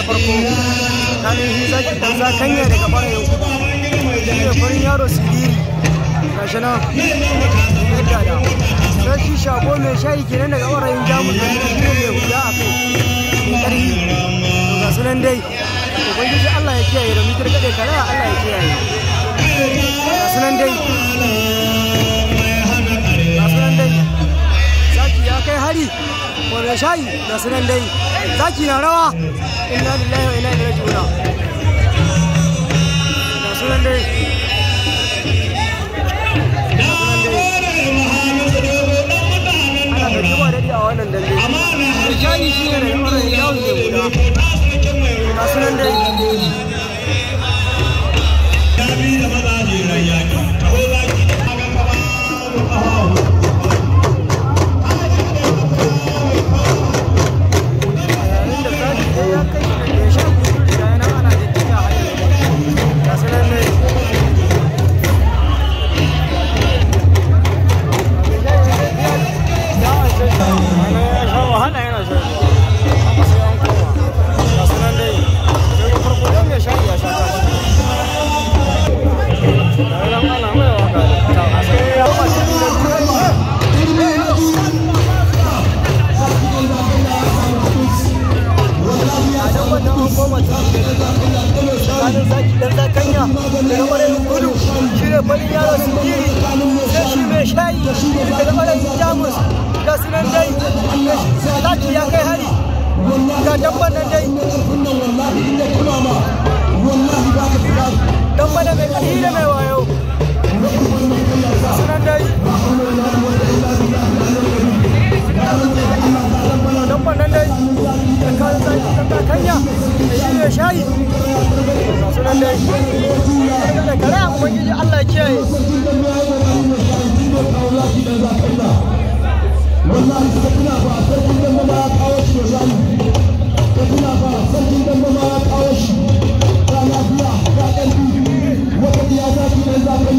na farko kanin shi zaki ɗansa kanya daga bara yau shi ne farin yaro siriri gashi nan yadda da sai shi shago mai shayi kenan daga ɓarayin jamus da shi ne mai huda a kai mai ƙarfi to ga sunan dai ubangiji allah ya kiyaye da mitar kaɗe kare allah ya kiyaye ga sunan dai ga sunan dai zaki ya kai hari wanda shayi ga sunan dai zaki na rawa انا لله وانا اليه راجعون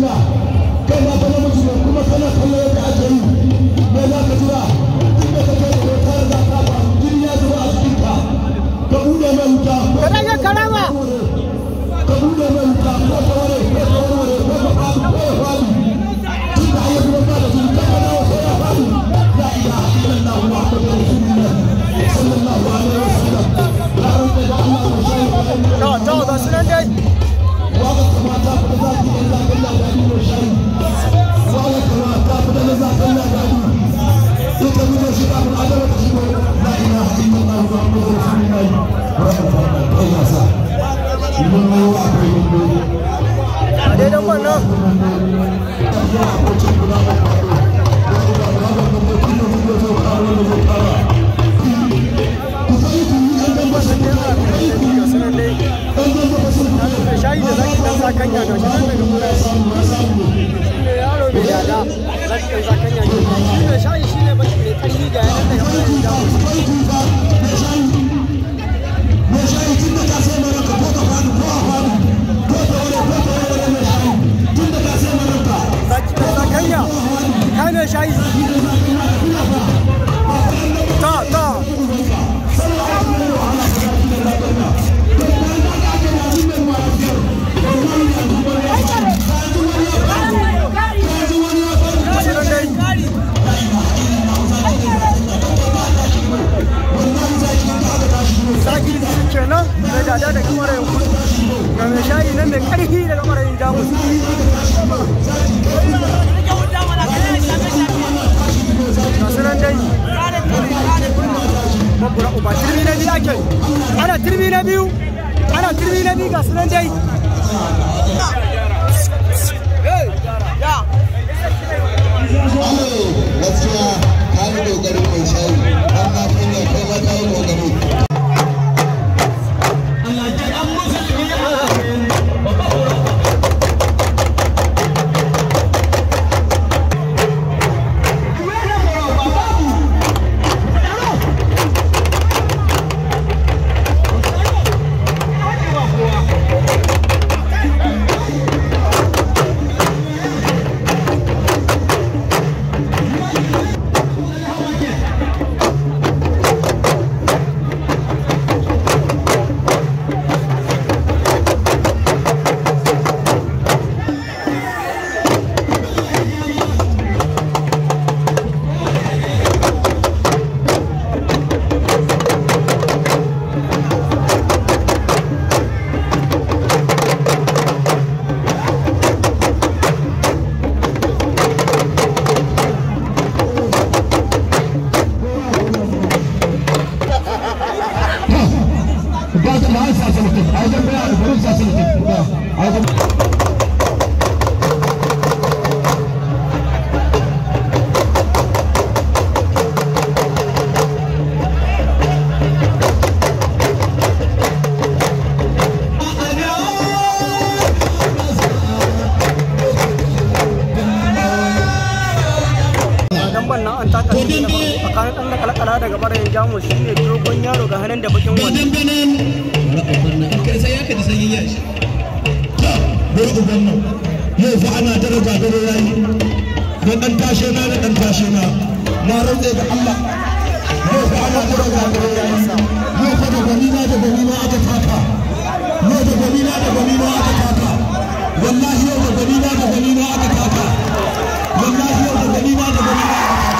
segunda. daidan wannan shayi da zaki sa kanya ga shi yaro bai yada Nasıl önce? taka tsakanin ɗan nakalakala daga ɓarayin jamus shi ne dogon yaro ga hannun da bakin wani. yau fa ana da ɗan tashe na da ɗan tashe na na rantse ga Allah yau fa ana yau fa da gwani na da gwani aka taka yau da gwani na da gwani aka taka wallahi yau da gwani na da gwani aka taka wallahi yau da gwani da gwani aka taka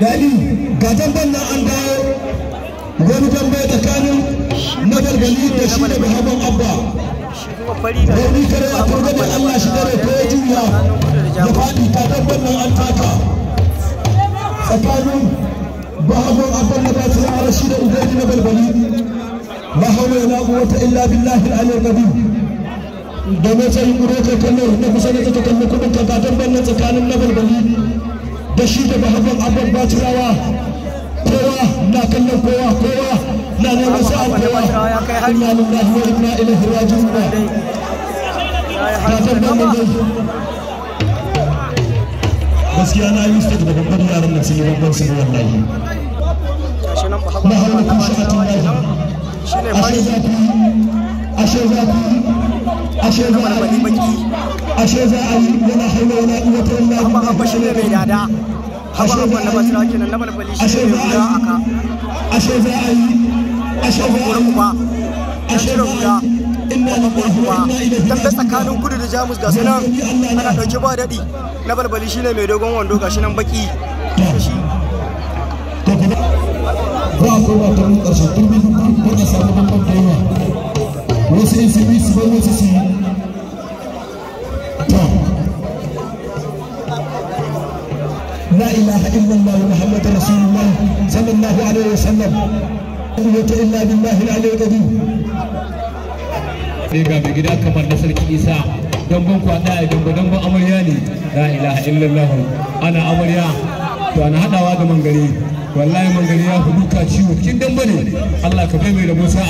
dadi ga damban nan an dawo wani dambai tsakanin na gargali da shi da muhammad abba domin kare a turbe da allah shi da ko ya juya da faɗi ga damban nan an taka tsakanin muhammad abba na ba su rara shi da ubangi na gargali ba hawa yana wata illa billahi al'aliyar gabi da matsayin rotar kallon na kusa da ta kallon kudin kakatar bannan tsakanin na balbali da shi da mahabban abban baturawa kowa na kallon kowa kowa na neman sa'an kowa inna lillahi wa inna ilaihi raji'un ta tabbar mun dai gaskiya na yi mistake da babban yaran nan sun yi babban sun wallahi na haula kun sha'atun lahi ashe zafi ashe zafi ashe zafi ashe za a yi yana haila yana iya ta yana kuma abba shi ne mai dada ashe za a yi ashe za a yi ashe za a yi ashe za a yi ashe za a yi inna lillahi wa tambaye tsakanin kudu da jamus ga sanan ana dauke ba dadi na balbali shine mai dogon wando ga shi nan baki ba ko ba ta mun karshe turbi ba ta samu babban dawa wasu su bi su bar wasu su yi لا إله إلا الله محمد رسول الله صلى الله عليه وسلم قوة إلا بالله العلي العظيم Riga mai gida kamar na sarki Isa don ban kwaɗa don ban amarya ne la ilaha illallah ana amarya to ana hadawa da mangare wallahi mangare ya fi duka ciwo kin dambe ne Allah ka bai mai da Musa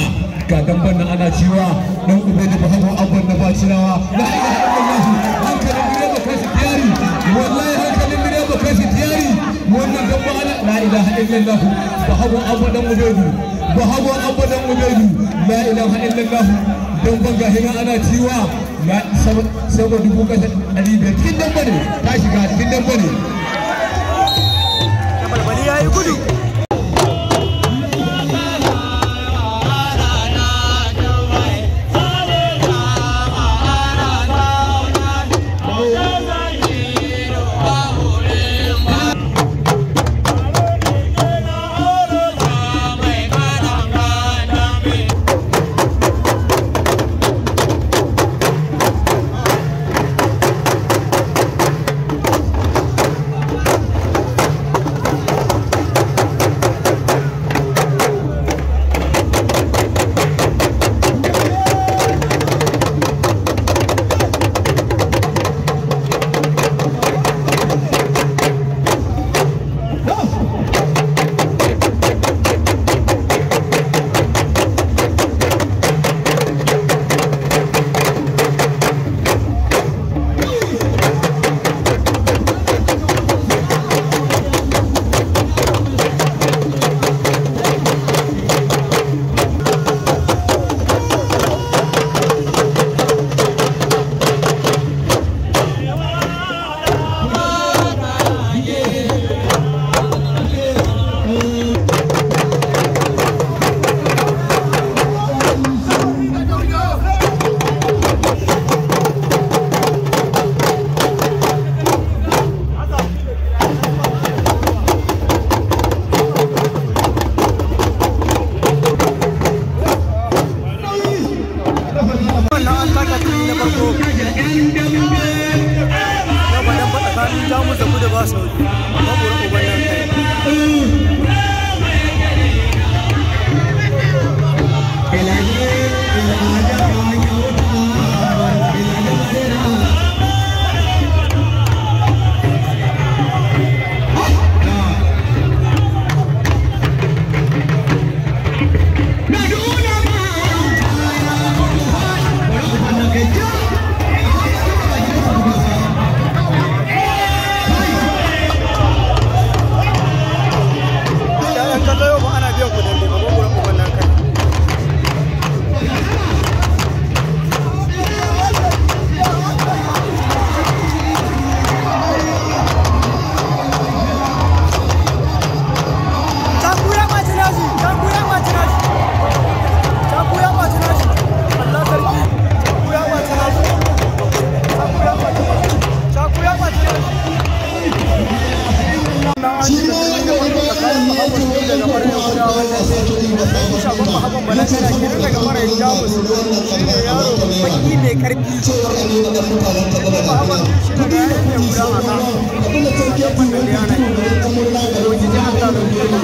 ga damben nan ana ciwa dan ubaidu da bahago abban na bacinawa la ilaha illallah la ilaha illallah bahago abadan ubaidu bahago abadan ubaidu la ilaha illallah don banga hina ana ciwa sabo dubu kasa ɗari biyar cikin damba ne ta shiga cikin damba ne.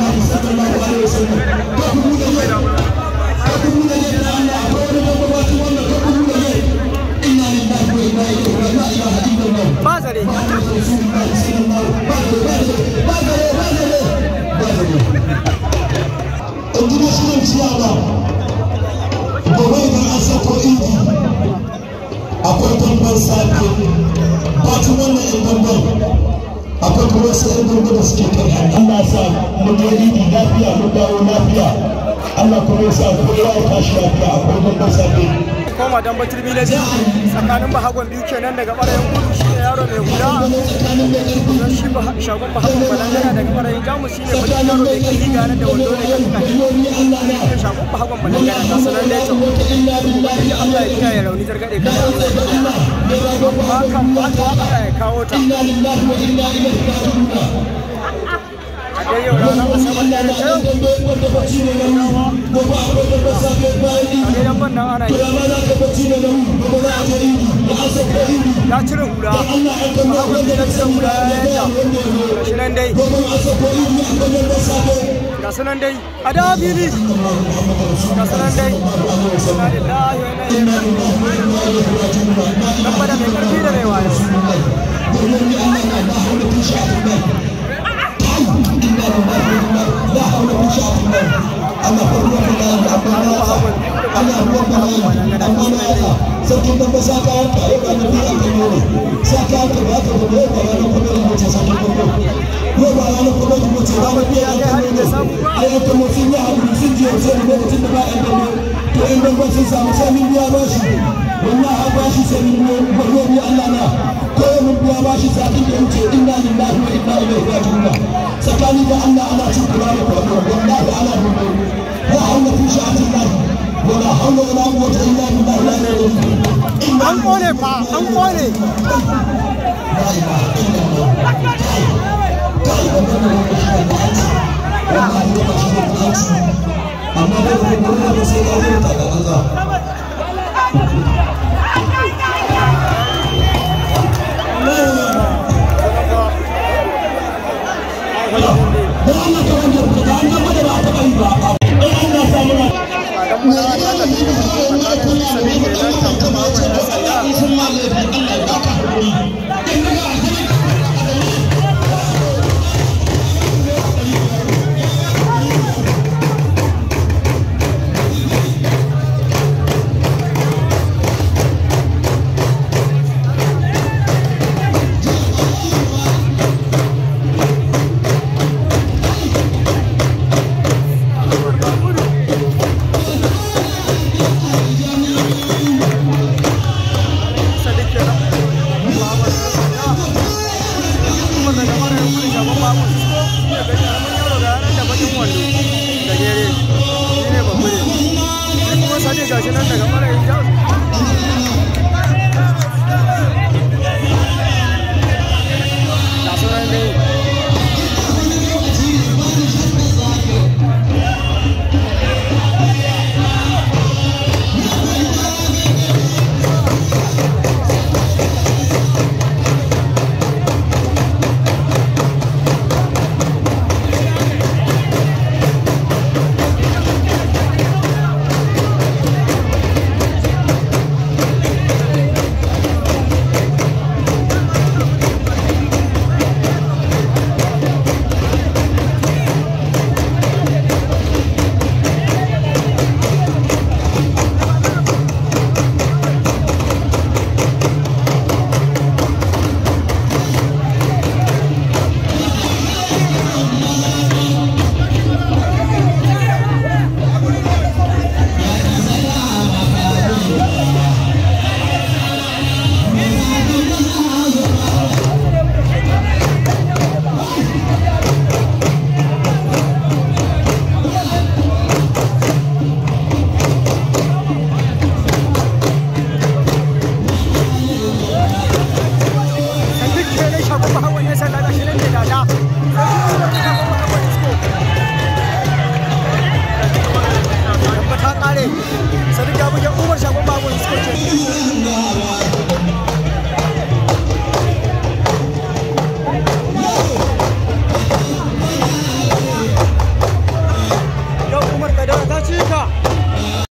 Allah sallallahu alaihi wasallam ka ku bude ne ka da Allah akwai wani babbaci wanda ka ku bude ne inna lillahi shirin ciyawa gobe idan an inji akwai tambar sake bacin akwai kuma sai gurgu da suke kai Allah sa mu je idi lafiya mu dawo lafiya Allah kuma ya sa kowa ya tashi lafiya a gurgun da safe koma dan batir bilaji tsakanin bahagon biyu kenan daga ɓarayin kudu yaro mai hula don shi shagon bahaban balangara daga marayin jamus shi ne bakin yaro mai kiri gane da wando ne kan kashi da shagon bahaban balangara ta sanar da yato da allah ya kiyaye rauni zargaɗe kan kuma kan ba ta ya kawo ta a dai yau ranar asabar da ta yau ba ba ba a yi ba a sa ka ya a wanda ya ta dai ka da fili ga su na yi da ana ruwan bala'i amma na Allah sai kin dabba sa kayan ka yau ga nabi a kan yau sa ya haɗu sun da ba a kan yau to in dabba wallahi an bashi sai mun Allah na ko mun biya a satin da wuce inna lillahi wa inna ilaihi raji'un tsakani da Allah ana cin kurani ko wallahi ana dubo la hawla fi sha'ati Allah wala hawla wala quwwata illa billah la ilaha illa an kone fa an kone la ilaha illa Allah kai da wannan shi da Allah wallahi da shi da Allah amma da wannan sai da Allah a ma Thank you. 现在这个。